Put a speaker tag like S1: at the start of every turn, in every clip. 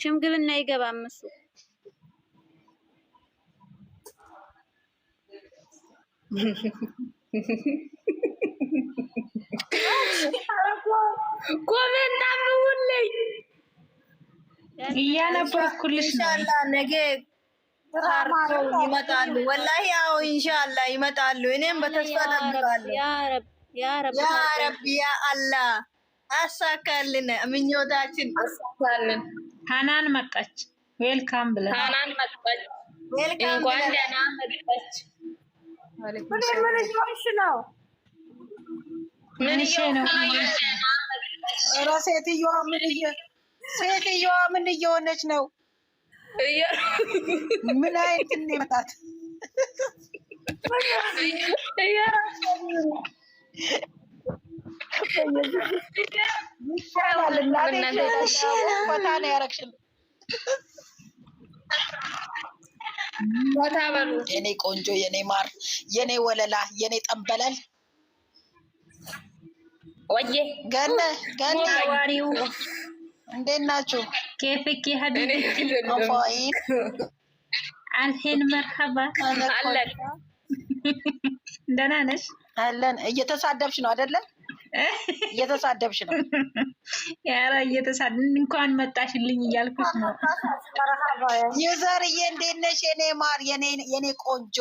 S1: ሽምግልና አይገባም እሱ። ኮሜንት አንብቡልኝ እያነበብኩልሽ
S2: ነው። ነገ ታርቀው ይመጣሉ። ወላሂ ያው ኢንሻአላ ይመጣሉ። እኔም በተስፋ እጠብቃለሁ። ያ
S1: ረብ ያ ረብ
S2: ያ ረብ ያ አላህ አሳካልን፣ ምኞታችን
S1: አሳካልን። ሀናን መጣች። ዌልካም ብለን
S2: ሀናን መጣች። እንኳን ደህና መጣች። ምን ሴትዮዋ ምን እየሆነች ነው? ምን አይነት ይመጣት የኔ ቆንጆ፣ የኔ ማር፣ የኔ ወለላ፣ የኔ ጠንበለል ወዬ ገነ ገነ እንዴት ናችሁ?
S1: ኬፍኪ አልሄን መርሀባ አለን። ደህና ነሽ?
S2: አለን። እየተሳደብሽ ነው አይደለም? እየተሳደብሽ ነው።
S1: ኧረ እየተሳደ እንኳን መጣሽልኝ እያልኩሽ ነው።
S2: ዩዘርዬ እንዴት ነሽ? የኔ ማር የኔ ቆንጆ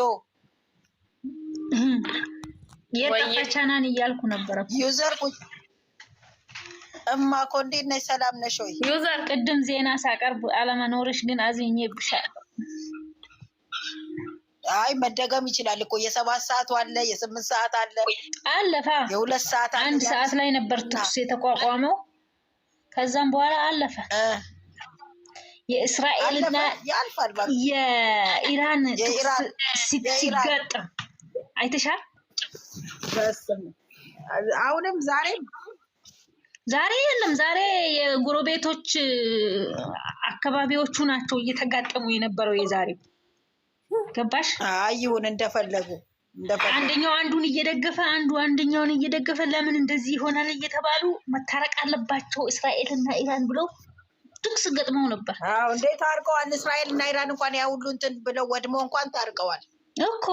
S1: የጠፈቻናን እያልኩ ነበረ።
S2: ዩዘር እማ እኮ እንዴት ነሽ? ሰላም ነሽ ወይ?
S1: ዩዘር ቅድም ዜና ሳቀርብ አለመኖርሽ ግን አዝኜብሻለሁ።
S2: አይ መደገም ይችላል እኮ የሰባት ሰዓት አለ፣ የስምንት ሰዓት አለ አለፋ የሁለት ሰዓት
S1: አንድ ሰዓት ላይ ነበር ትኩስ የተቋቋመው። ከዛም በኋላ አለፈ። የእስራኤልና የኢራን ሲገጥም አይተሻል።
S2: አሁንም ዛሬ
S1: ዛሬ የለም። ዛሬ የጎረቤቶች አካባቢዎቹ ናቸው እየተጋጠሙ የነበረው የዛሬው ገባሽ?
S2: ይሁን እንደፈለጉ
S1: አንደኛው አንዱን እየደገፈ አንዱ አንደኛውን እየደገፈ ለምን እንደዚህ ይሆናል እየተባሉ መታረቅ አለባቸው እስራኤልና ኢራን ብለው ድቅስ ገጥመው ነበር።
S2: አዎ እንዴት ታርቀዋል? እስራኤል እና ኢራን እንኳን ያ ሁሉ እንትን ብለው ወድሞ እንኳን ታርቀዋል
S1: እኮ።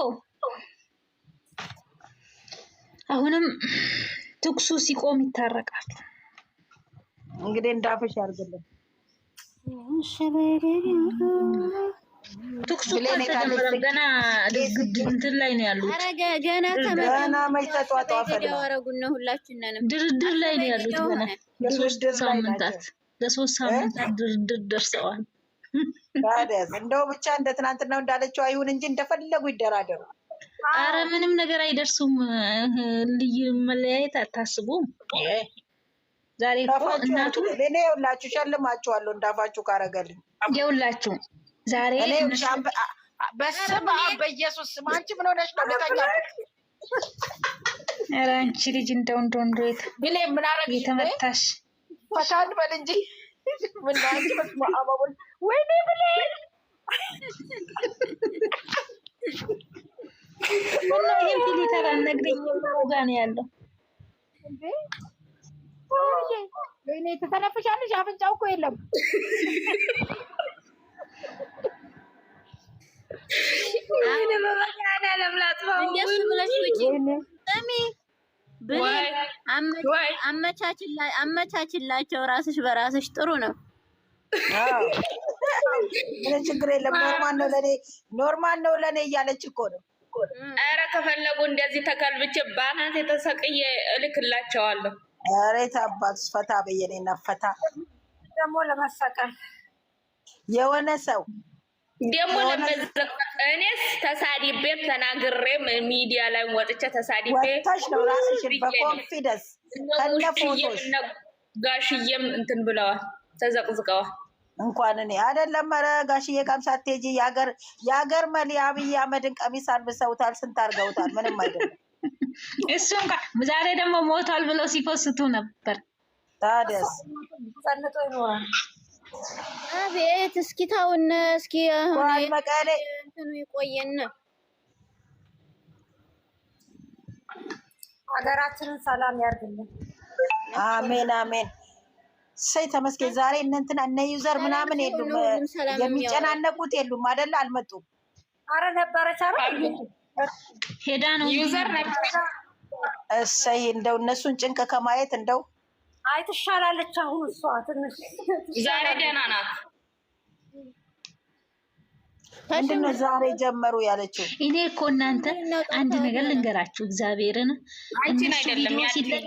S1: አሁንም ትኩሱ ሲቆም ይታረቃል።
S2: እንግዲህ እንዳፈሽ ያርግልን።
S1: ትኩሱ ገና እንትን ላይ ነው ያሉት።
S2: ገና ተመገና
S1: ሁላችንንም ድርድር ላይ ነው ያሉት። ገና ለሶስት ሳምንታት ለሶስት ሳምንታት ድርድር ደርሰዋል።
S2: እንደው ብቻ እንደ ትናንትናው እንዳለችው አይሁን እንጂ እንደፈለጉ ይደራደሩ።
S1: አረ ምንም ነገር አይደርሱም። ልዩ መለያየት አታስቡም። ዛሬ
S2: እናቱ እኔ የውላችሁ ሸልማችኋለሁ። እንዳፋችሁ ካረገልኝ
S1: የውላችሁ ዛሬ
S2: በስመ አብ በኢየሱስ ስም አንቺ ምን ሆነሽ ነው? ልተኛ
S1: ኧረ አንቺ ልጅ እንደው እንደው እንደው
S2: ግሌ ምን አረግሽ?
S1: የተመታሽ
S2: ፈታን በል እንጂ ምን አንቺ በስመ አብ አቦል ወይኔ ብሌ
S1: እና ይህም ፊሊተር አልነግረኝ ጋ ነው ያለው
S2: ወይኔ ተሰነፍሻለሽ። አፍንጫው እኮ የለም
S1: አመቻችላቸው ራስሽ በራስሽ ጥሩ ነው።
S2: ምንም ችግር የለም። ኖርማል ነው ለኔ ኖርማል ነው ለኔ እያለች እኮ ነው። ኧረ ከፈለጉ እንደዚህ ተከልብቼ ባናት የተሰቅዬ እልክላቸዋለሁ። ኧረ የት ፈታ በየኔና ፈታ
S1: ደግሞ ለመሰቀል
S2: የሆነ ሰው ደግሞ እኔስ ተሳዲቤም ተናግሬ ሚዲያ ላይ ወጥቼ ተሳዲቤ ነው ራስሽን በኮንፊደንስ ከነፎቶሽ ጋሽዬም እንትን ብለዋል፣ ተዘቅዝቀዋል። እንኳን እኔ አይደለም ኧረ ጋሽዬ ቀምሳ ቴጂ የሀገር መሊ አብይ አህመድን ቀሚስ አልብሰውታል፣ ስንት አድርገውታል። ምንም አይደለም።
S1: እሱም ዛሬ ደግሞ ሞቷል ብሎ ሲፖስቱ ነበር። ታዲያስ አቤት እስኪ ታውነ እስኪ
S2: አሁን መቀሌ ሀገራችንን ሰላም ያርግልን። አሜን አሜን። ሰይ ተመስገን። ዛሬ እነ እነ ዩዘር ምናምን የሉም፣ የሚጨናነቁት የሉም አይደለ? አልመጡም። አረ ነበረች አረ
S1: ሄዳ ነው ዩዘር ነበረ።
S2: እሰይ እንደው እነሱን ጭንቅ ከማየት እንደው አይ ትሻላለች። አሁን እሷ ትንሽ ዛሬ ደህና ናት። ምንድን ነው ዛሬ ጀመሩ ያለችው?
S1: እኔ እኮ እናንተ አንድ ነገር ልንገራችሁ፣ እግዚአብሔርን
S2: አንቺን አይደለም ሲለቀቅ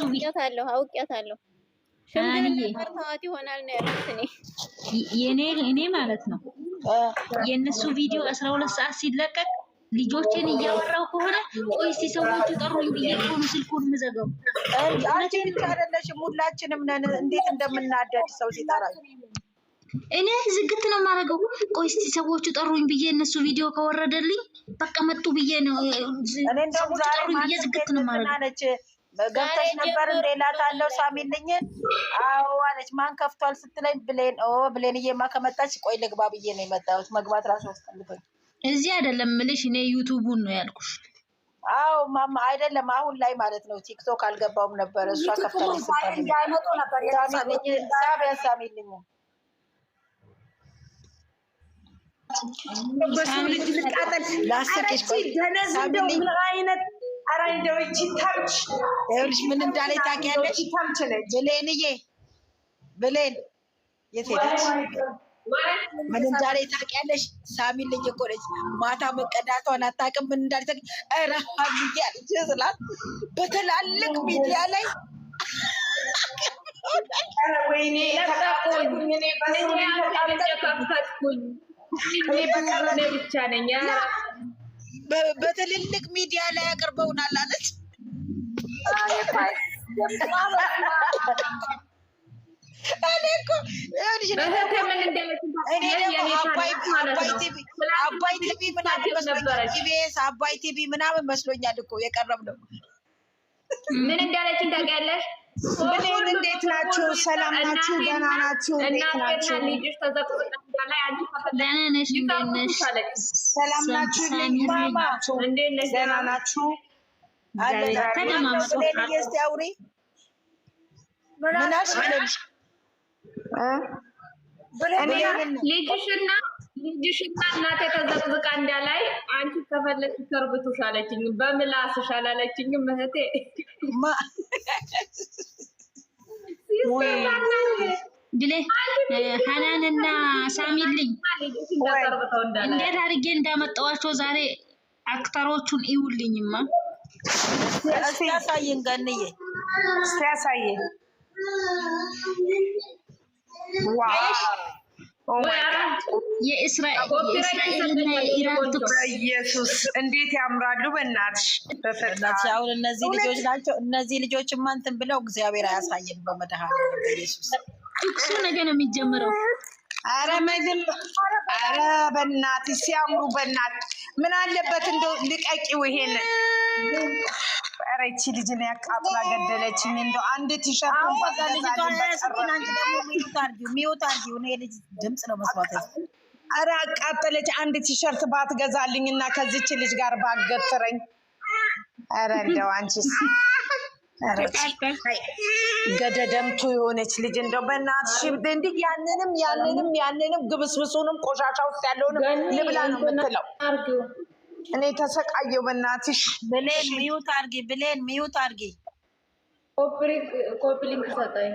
S1: አውቂያታለሁ አውቂያታለሁ ሽምግልናታዋት ይሆናል ነው ያለሁት እኔ እኔ ማለት ነው የእነሱ ቪዲዮ አስራ ሁለት ሰዓት ሲለቀቅ ልጆቼን እያወራው ከሆነ ቆይ እስኪ ሰዎቹ ጠሩኝ ብዬ ከሆኑ ስልኩን ምዘገቡ። አንቺ ብቻ አይደለሽም፣ ሁላችንም ነን። እንዴት እንደምናደድ ሰው ሲጠራ እኔ ዝግት ነው የማደርገው። ቆይ እስኪ ሰዎቹ ጠሩኝ ብዬ እነሱ ቪዲዮ ከወረደልኝ በቃ መጡ ብዬ ነው ሰዎቹ ጠሩኝ ብዬ ዝግት ነው የማደርገው። ገብተሽ ነበር እንደ እላታለሁ። ሳሚልኝን አዎ አለች። ማን ከፍቷል ስትለኝ ብሌን ብሌን እየማ ከመጣች ቆይ ልግባ ብዬ ነው የመጣሁት። መግባት ራሱ አስፈልጎኝ እዚህ አይደለም ምልሽ፣ እኔ ዩቱቡን ነው ያልኩሽ። አዎ ማማ አይደለም፣ አሁን ላይ ማለት ነው። ቲክቶክ አልገባውም ነበር እሷ ከፍታለች። እንዳይመጡ ነበር ያሳሚልኝ በሰው ልጅ ልቃጠል ላሰቀሽ ምን አይነት ኧረ እንደው ይቺ ታምች ይኸውልሽ፣ ምን እንዳለኝ ታውቂያለሽ? ብሌንዬ ብሌን የት ሄደች? ምን እንዳለ ታውቂያለሽ? ሳሚ ልጅ እኮ ነች። ማታ መቀዳቷን አታውቅም። ምን እንዳለ ታውቂ ረሃብ እያለች ስላት በትላልቅ ሚዲያ ላይ በትልልቅ ሚዲያ ላይ አቅርበውናል አለች። አባይ ቲቪ ምናምን መስሎኛል። ኢቢኤስ አባይ ቲቪ ምናምን መስሎኛል እኮ የቀረብነው። ምን እንዳለችን ታውቂያለሽ? ምን እንዴት ናችሁ? ሰላም ናችሁ? ደህና ናችሁ? እንዴት ናችሁ? ደህና ናችሁ? ደህና ናችሁ? አለ ተደማመጡ። ምን አልሽ? ልጅሽና ልጅሽና እናቴ ተዘቅዝቃ እንዳላይ አንቺ ከፈለግሽ ከርብቱሽ አለችኝ። በምላስሽ አላለችኝም እህቴ ሀናንና ሳሚልኝ እንዴት አድርጌ እንዳመጣዋቸው ዛሬ አክተሮቹን ይውልኝማ። እስቲ ገንዬ እስቲ Oh የእስራኤልና የኢራን ኢየሱስ እንዴት ያምራሉ! በእናትሽ በፈጣሪ አሁን እነዚህ ልጆች ናቸው። እነዚህ ልጆችማ እንትን ብለው እግዚአብሔር አያሳየን። በመድኃኒዓለም ኢየሱስ እሱ ነው የሚጀምረው። አረ መድም አረ በእናትሽ ሲያምሩ፣ በእናትሽ ምን አለበት እንደው ልቀቂው ይሄንን ኧረ ይቺ ልጅን ያቃጥላ ገደለችኝ። እንደው አንድ ቲሸርት ድምፅ ነው መስማት። ኧረ አቃጠለች። አንድ ቲሸርት ባትገዛልኝ እና ከዚች ልጅ ጋር ባገትረኝ። ኧረ እንደው አንቺስ ገደደምቱ የሆነች ልጅ እንደው በእናትሽ እንዲህ ያንንም ያንንም ያንንም ግብስብሱንም ቆሻሻ ውስጥ ያለውንም ልብላ ነው የምትለው እኔ ተሰቃየው በእናትሽ። ብሌን ሚዩት አርጊ፣ ብሌን ሚዩት አርጊ። ኮፕሊንክ ሰጠኝ።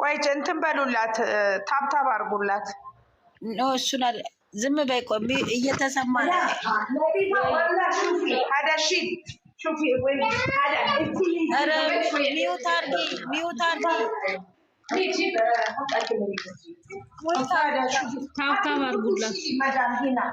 S1: ቆይ እንትን በሉላት፣ ታብታብ አርጉላት። እሱን ዝም በይ። ቆይ እየተሰማ ሀዳሺ ሚዩት አርጊ፣ ሚዩት አርጊ። ታብታብ አርጉላት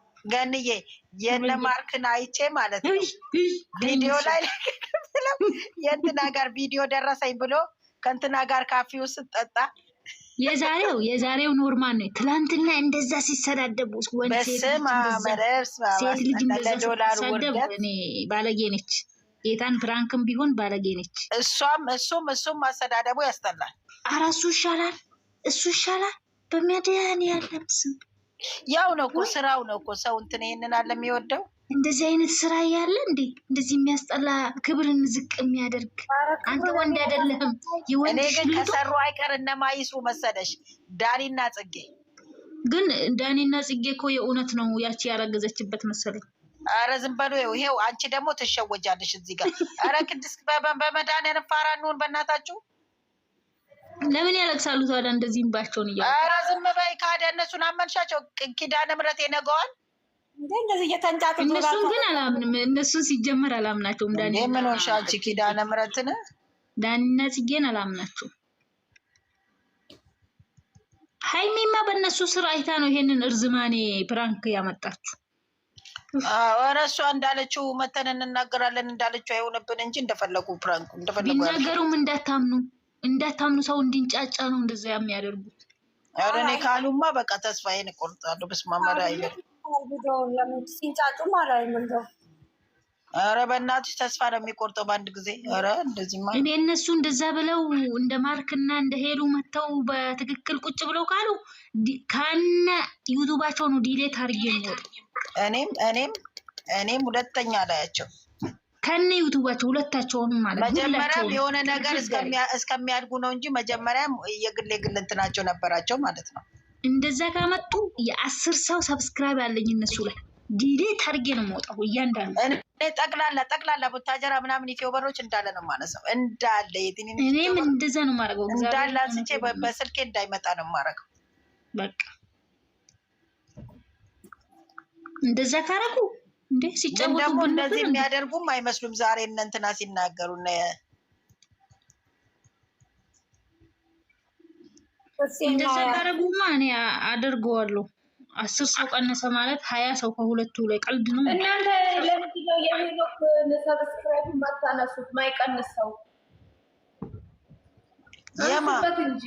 S1: ገንዬ የነ ማርክን አይቼ ማለት ነው ቪዲዮ ላይ የእንትና ጋር ቪዲዮ ደረሰኝ ብሎ ከእንትና ጋር ካፌው ስጠጣ የዛሬው የዛሬው ኖርማል ነው። ትላንትና እንደዛ ሲሰዳደቡ ሴት ልጅ ሲሰደብ እኔ ባለጌ ነች፣ ጌታን ፍራንክም ቢሆን ባለጌ ነች። እሷም እሱም እሱም ማሰዳደቡ ያስጠላል። አረ እሱ ይሻላል፣ እሱ ይሻላል በሚያደያን ያለም ያው ነው እኮ ስራው ነው እኮ ሰው እንትን ይሄንን አለ የሚወደው። እንደዚህ አይነት ስራ እያለ እንዴ እንደዚህ የሚያስጠላ ክብርን ዝቅ የሚያደርግ አንተ ወንድ አይደለህም። እኔ ግን ከሰሩ አይቀር እነማይሱ መሰለሽ ዳኒና ጽጌ ግን ዳኒና ጽጌ እኮ የእውነት ነው ያቺ ያረገዘችበት መሰለኝ። አረ ዝም በሉ ይሄው። አንቺ ደግሞ ትሸወጃለሽ እዚህ ጋር። አረ ቅድስት በመድኃኒዓለም ፋራ እንሁን በእናታችሁ። ለምን ያለቅሳሉ ታዲያ? እንደዚህ እንባቸውን እያሉ ኧረ ዝም በይ ካደ እነሱን አመንሻቸው። ኪዳነ ምሕረት የነገዋል እንደዚህ እየተንጫጥ እነሱን ግን አላምንም። እነሱን ሲጀመር አላምናቸውም። ዳ ምን ሆንሽ አንቺ? ኪዳነ ምሕረትን ዳኒና ጽጌን አላምናቸውም። ሀይሚማ በእነሱ ስር አይታ ነው ይሄንን እርዝማኔ ፕራንክ ያመጣችሁ። ኧረ እሷ እንዳለችው መተን እንናገራለን እንዳለችው አይሆንብን እንጂ እንደፈለጉ ፕራንኩ እንደፈለጉ ቢናገሩም እንዳታምኑ እንዳታምኑ ሰው እንዲንጫጫ ነው እንደዛ የሚያደርጉት። ኧረ እኔ ካሉማ በቃ ተስፋዬን እቆርጣለሁ። በስመ አብ አይደል ሲንጫጩም በእናትሽ ተስፋ ነው የሚቆርጠው በአንድ ጊዜ። እንደዚህማ እኔ እነሱ እንደዛ ብለው እንደ ማርክና እንደ ሄሉ መጥተው በትክክል ቁጭ ብለው ካሉ ከነ ዩቱባቸው ነው ዲሌት አድርጌ እኔም እኔም እኔም ሁለተኛ ላያቸው ከነ ዩቱባቸው ሁለታቸውም ማለት መጀመሪያም የሆነ ነገር እስከሚያድጉ ነው እንጂ መጀመሪያም የግል የግል እንትናቸው ነበራቸው ማለት ነው። እንደዛ ከመጡ የአስር ሰው ሰብስክራይብ ያለኝ እነሱ ላይ ዲዴ ታርጌ ነው መውጣሁ እያንዳንዱ ጠቅላላ ጠቅላላ ቦታጀራ ምናምን ኢትዮ በሮች እንዳለ ነው ማለት ነው። እንዳለ እኔም እንደዛ ነው ማረገው እንዳለ አንስቼ በስልኬ እንዳይመጣ ነው ማረገው። በቃ እንደዛ ካረኩ እንዴ ሲጫወቱ እንደዚህ የሚያደርጉም አይመስሉም። ዛሬ እነ እንትና ሲናገሩ እንደዛ ያደረጉማ እኔ አደርገዋለሁ። አስር ሰው ቀነሰ ማለት ሀያ ሰው ከሁለቱ ላይ ቀልድ ነው። እናንተ ለምንድን ነው የሄኖክ ሰብስክራይብ ማታነሱት? ማይቀንስ ሰው እንጂ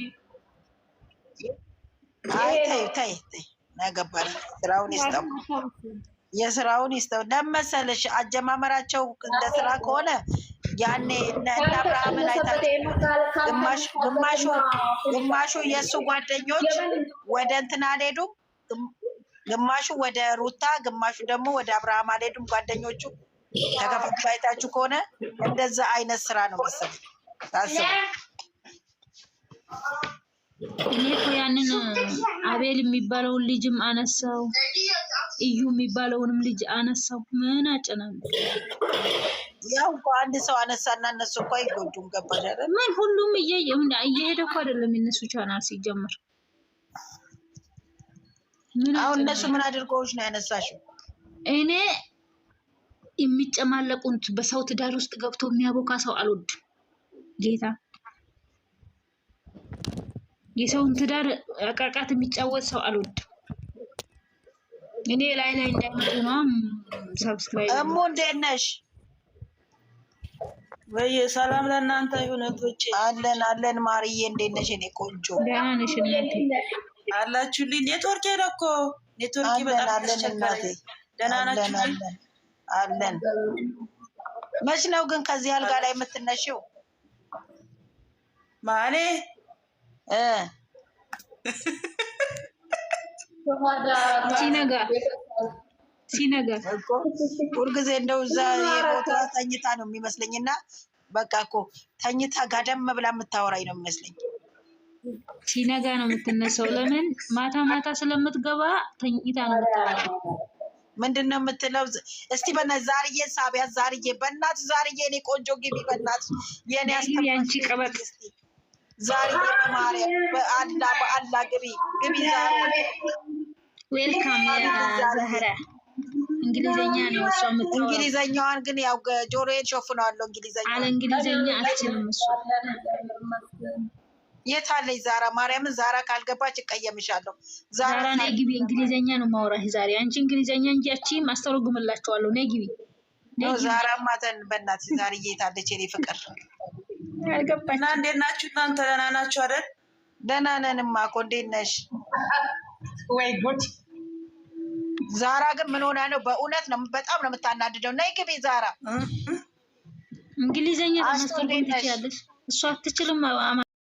S1: አይ ተይ ተይ ተይ ነገባል ስራውን ይስጠው። የስራውን ይስተው ለመሰለሽ አጀማመራቸው እንደ ስራ ከሆነ ያኔ እነ አብርሃም ላይ ግማሹ የእሱ ጓደኞች ወደ እንትን አልሄዱም፣ ግማሹ ወደ ሩታ፣ ግማሹ ደግሞ ወደ አብርሃም አልሄዱም። ጓደኞቹ ተከፋፍሎ አይታችሁ ከሆነ እንደዛ አይነት ስራ ነው መሰለኝ ታስቡ። እኔ እኮ ያንን አቤል የሚባለውን ልጅም አነሳው፣ እዩ የሚባለውንም ልጅ አነሳው። ምን አጨናነቅ? ያው እኮ አንድ ሰው አነሳና እነሱ እኮ አይጎዱም። ገባ ምን ሁሉም እየሄደ እኮ አይደለም የነሱ ቻናል ሲጀምር። አሁን እነሱ ምን አድርገዎች ነው ያነሳሽው? እኔ የሚጨማለቁት በሰው ትዳር ውስጥ ገብቶ የሚያቦካ ሰው አልወድም ጌታ የሰውን ትዳር አቃቃት የሚጫወት ሰው አልወድም። እኔ ላይ ላይ እንዳይመጡ ነው። ሰብስክራይብ እሙ እንዴት ነሽ? ወይ ሰላም ለእናንተ ይሁነቶች። አለን አለን። ማርዬ እንዴት ነሽ? እኔ ቆንጆ ደህና ነሽ? እናቴ አላችሁልኝ። ኔትወርክ ሄደ እኮ ኔትወርክ በጣም ተቸገረ። ደህና ናችሁልኝ? አለን። መች ነው ግን ከዚህ አልጋ ላይ የምትነሽው ማኔ ሲነገር ሁልጊዜ እንደው እዛ የቦታ ተኝታ ነው የሚመስለኝ እና በቃ እኮ ተኝታ ጋደም ብላ የምታወራኝ ነው የሚመስለኝ። ሲነጋ ነው የምትነሳው። ለምን ማታ ማታ ስለምትገባ ተኝታ ነው የምታወራው። ምንድን ነው የምትለው? እስቲ በና ዛርዬ፣ ሳቢያ ዛርዬ፣ በእናትሽ ዛርዬ፣ የኔ ቆንጆ ግቢ፣ በእናትሽ የኔ ያንቺ ቀበጥ ዛሬ በማርያም በአላ በአላ ግቢ ግቢ ዛሬ ዌልካም ዘህረ እንግሊዘኛ ነው እሷ የምትለው። እንግሊዘኛዋን ግን ያው ጆሮዬን ሸፍነዋለሁ። እንግሊዘኛ አለ እንግሊዘኛ አልችልም። እሱ የት አለች ዛራ? ማርያምን ዛራ ካልገባች እቀየምሻለሁ። ዛራ ነይ ግቢ። እንግሊዘኛ ነው ማውራት ዛሬ። አንቺ እንግሊዘኛ እንጂ ያቺም አስተረጉምላቸዋለሁ። ነይ ግቢ። ዛራማ ተን በእናትሽ ዛሬ የት አለች የኔ ፍቅር? አልገባችም። እና እንዴት ናችሁ እናንተ? ደህና ናችሁ አይደል? ደህና ነንማ እኮ እንዴት ነሽ? ወይ ጉድ! ዛራ ግን ምን ሆና ነው? በእውነት ነው፣ በጣም ነው የምታናድደው። ነይ ግቢ ዛራ። እንግሊዘኛ ለማስተርጎም ትችያለሽ፣ እሷ አትችልም።